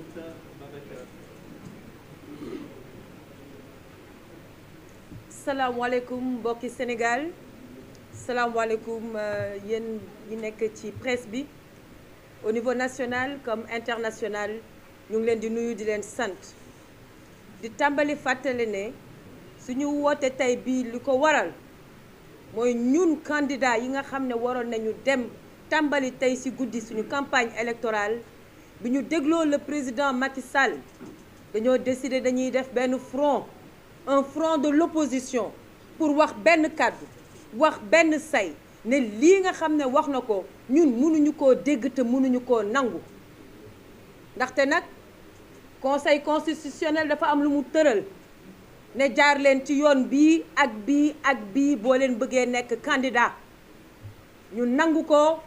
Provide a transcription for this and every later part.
قلت mbokki Sénégal salaamaaleykum euh, yéen ñi nekk ci presse bi au niveau national comme international ñu ngi leen di nuyu di leen sant di tàmbali fàttali ne suñu woote tey bii li ko waral mooy ñun candidat yi nga xam ne waroon nañu dem tàmbali tey ci guddi suñu campagne électorale bi ñu dégloo la président Macky Sall dañoo décidé dañuy def benn front un front de l'opposition pour wax benn kàddu wax benn say ne lii nga xam ne wax na ko ñun mënuñu koo dégg te mënuñu koo nangu ndaxte nag conseil constitutionnel dafa am lu mu tëral ne jaar leen ci yoon bii ak bii ak bii boo leen bëggee nekk candidat ñu nangu ko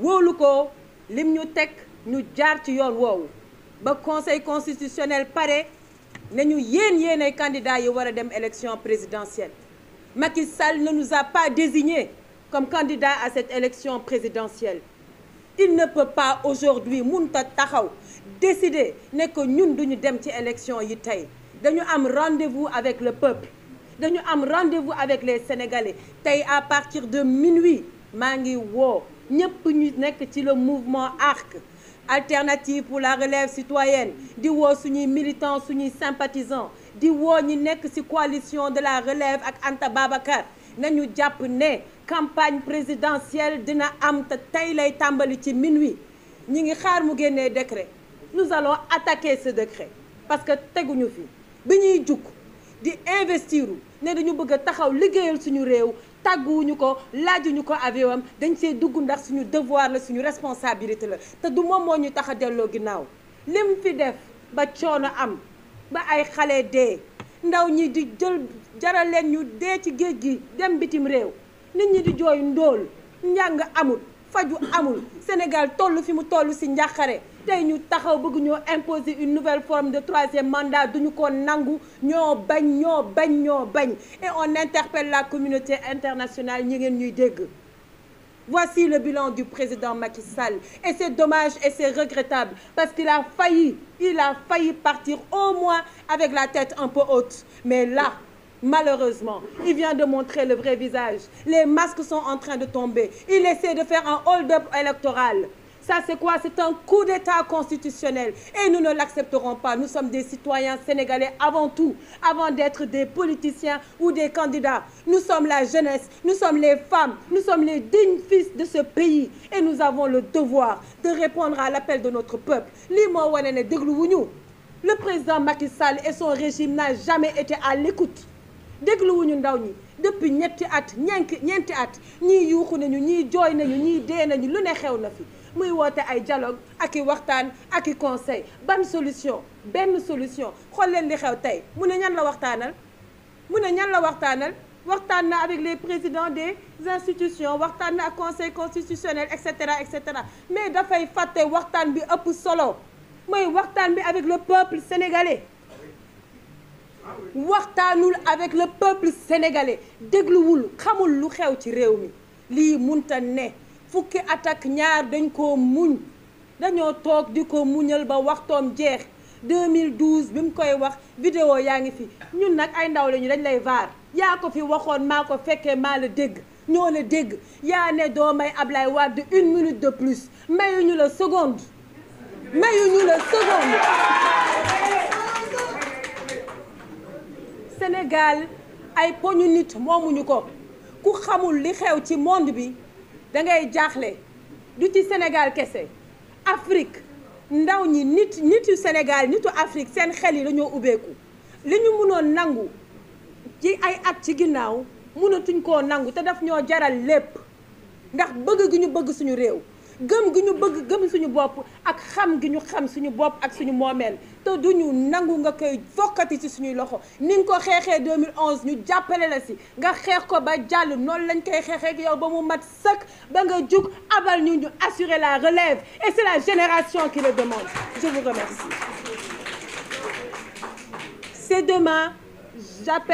wóolu ko lim ñu teg ñu jaar ci yoon woowu ba conseil constitutionnel pare ne ñu yéen yéenay candidats yi war a dem élection présidentielle Macky Sall ne nous a pas désignés comme candidats à cette élection présidentielle il ne peut pas aujourd'hui munta taxaw décider nekk ñun du ñu dem ci élection yi tey dañu am rendez-vous avec le peuple dañu am rendez-vous avec les Sénégalais tey à partir de minuit maa ngi woo ñëpp ñu nekk ci le mouvement ARC alternative pour la relève citoyenne di woo suñuy militants suñuy sympathisants di woo ñi nekk ci coalition de la relève ak Anta Babacar ñu jàpp ne campagne présidentielle dina am te tey lay tàmbali ci minuit ñi ngi xaar mu génne décret nous allons attaquer ce décret parce que teguñu fi bi ñuy jukk di investiru ne dañu bëgg a taxaw liggéeyal suñu réew tàgg tàgguwuñu ko laajuñu ko avion dañ see dugg ndax suñu devoir la suñu responsabilité la te du moom moo ñu tax a delloo ginnaaw lim fi def ba coono am ba ay xale dee ndaw ñi di jël jaral leen ñu dee ci géej gi dem bitim réew nit ñi di jooy ndóol njàng amul faju amul Sénégal toll fi mu toll si njàqare tey ñu taxaw bëgg ñoo une nouvelle forme de troisième mandat duñu ko nangu ñoo bañ ñoo bañ ñoo bañ et on interpelle la communauté internationale ñi ngeen ñuy dégg voici le bilan du président Macky Sall et c'est dommage et c'est regrettable parce qu'il a failli il a failli partir au moins avec la tête un peu haute mais là Malheureusement, il vient de montrer le vrai visage. Les masques sont en train de tomber. Il essaie de faire un hold-up électoral. Ça, c'est quoi? C'est un coup d'État constitutionnel et nous ne l'accepterons pas. Nous sommes des citoyens sénégalais avant tout, avant d'être des politiciens ou des candidats. Nous sommes la jeunesse, nous sommes les femmes, nous sommes les dignes fils de ce pays et nous avons le devoir de répondre à l'appel de notre peuple. lii moo wane ne dégluwuñu le président Macky Sall et son régime n'a jamais été à l'écoute dégluwuñu ndaw ñi depuis ñetti at ñenki ñeenti at ñii yuuxu nañu ñii jooy nañu ñii dee nañu lu ne xew na muy woote ay dialogue ak i waxtaan ak i conseil ban solution benn solution xool leen li xew tey mu ne ñan la waxtaanal mu ne ñan la waxtaanal waxtaan na avec les présidents des institutions waxtaan na ak conseil constitutionnel et cetera et cetera mais dafay fàtte waxtaan bi ëpp solo mooy waxtaan bi avec le peuple sénégalais waxtaanul avec le peuple sénégalais dégluwul xamul lu xew ci réew mi lii munta ne fukki at ñaar dañ koo muñ dañoo toog di ko muñal ba waxtoom jeex 2012 bi mu koy wax vidéo yaa ngi fi ñun nag ay ndaw lañu dañ lay vaar yaa ko fi waxoon maa ko fekkee maa la dégg ñoo la dégg yaa ne doo may Ablaye Wade une minute de plus mayuñu la seconde mayuñu la seconde Sénégal ay poñu nit moomuñu ko ku xamul li xew ci monde bi dangay ngay jaaxle du ci senegal kese Afrique ndaw ñi nit nitu Sénégal nitu Afrique seen xel yi dañoo ubbeeku li ñu mënoon nangu ci ay at ci ginnaaw mënatuñ koo nangu te daf ñoo jaral lépp ndax bëgg gi ñu bëgg suñu réew gëm gi ñu bëgg gëm suñu bopp ak xam gi ñu xam suñu bopp ak suñu moomeel te ñu nangu nga koy fokkati ci suñuy loxo ni nga ko xeexee 2011 ñu jàppale la si nga xeex ko ba jàll noonu lañ koy xeexeek yow ba mu mat sëkk ba nga jug abal ñu ñu assurer la relève et c'est la génération qui le demande je vous remercie c'est demain j'appelle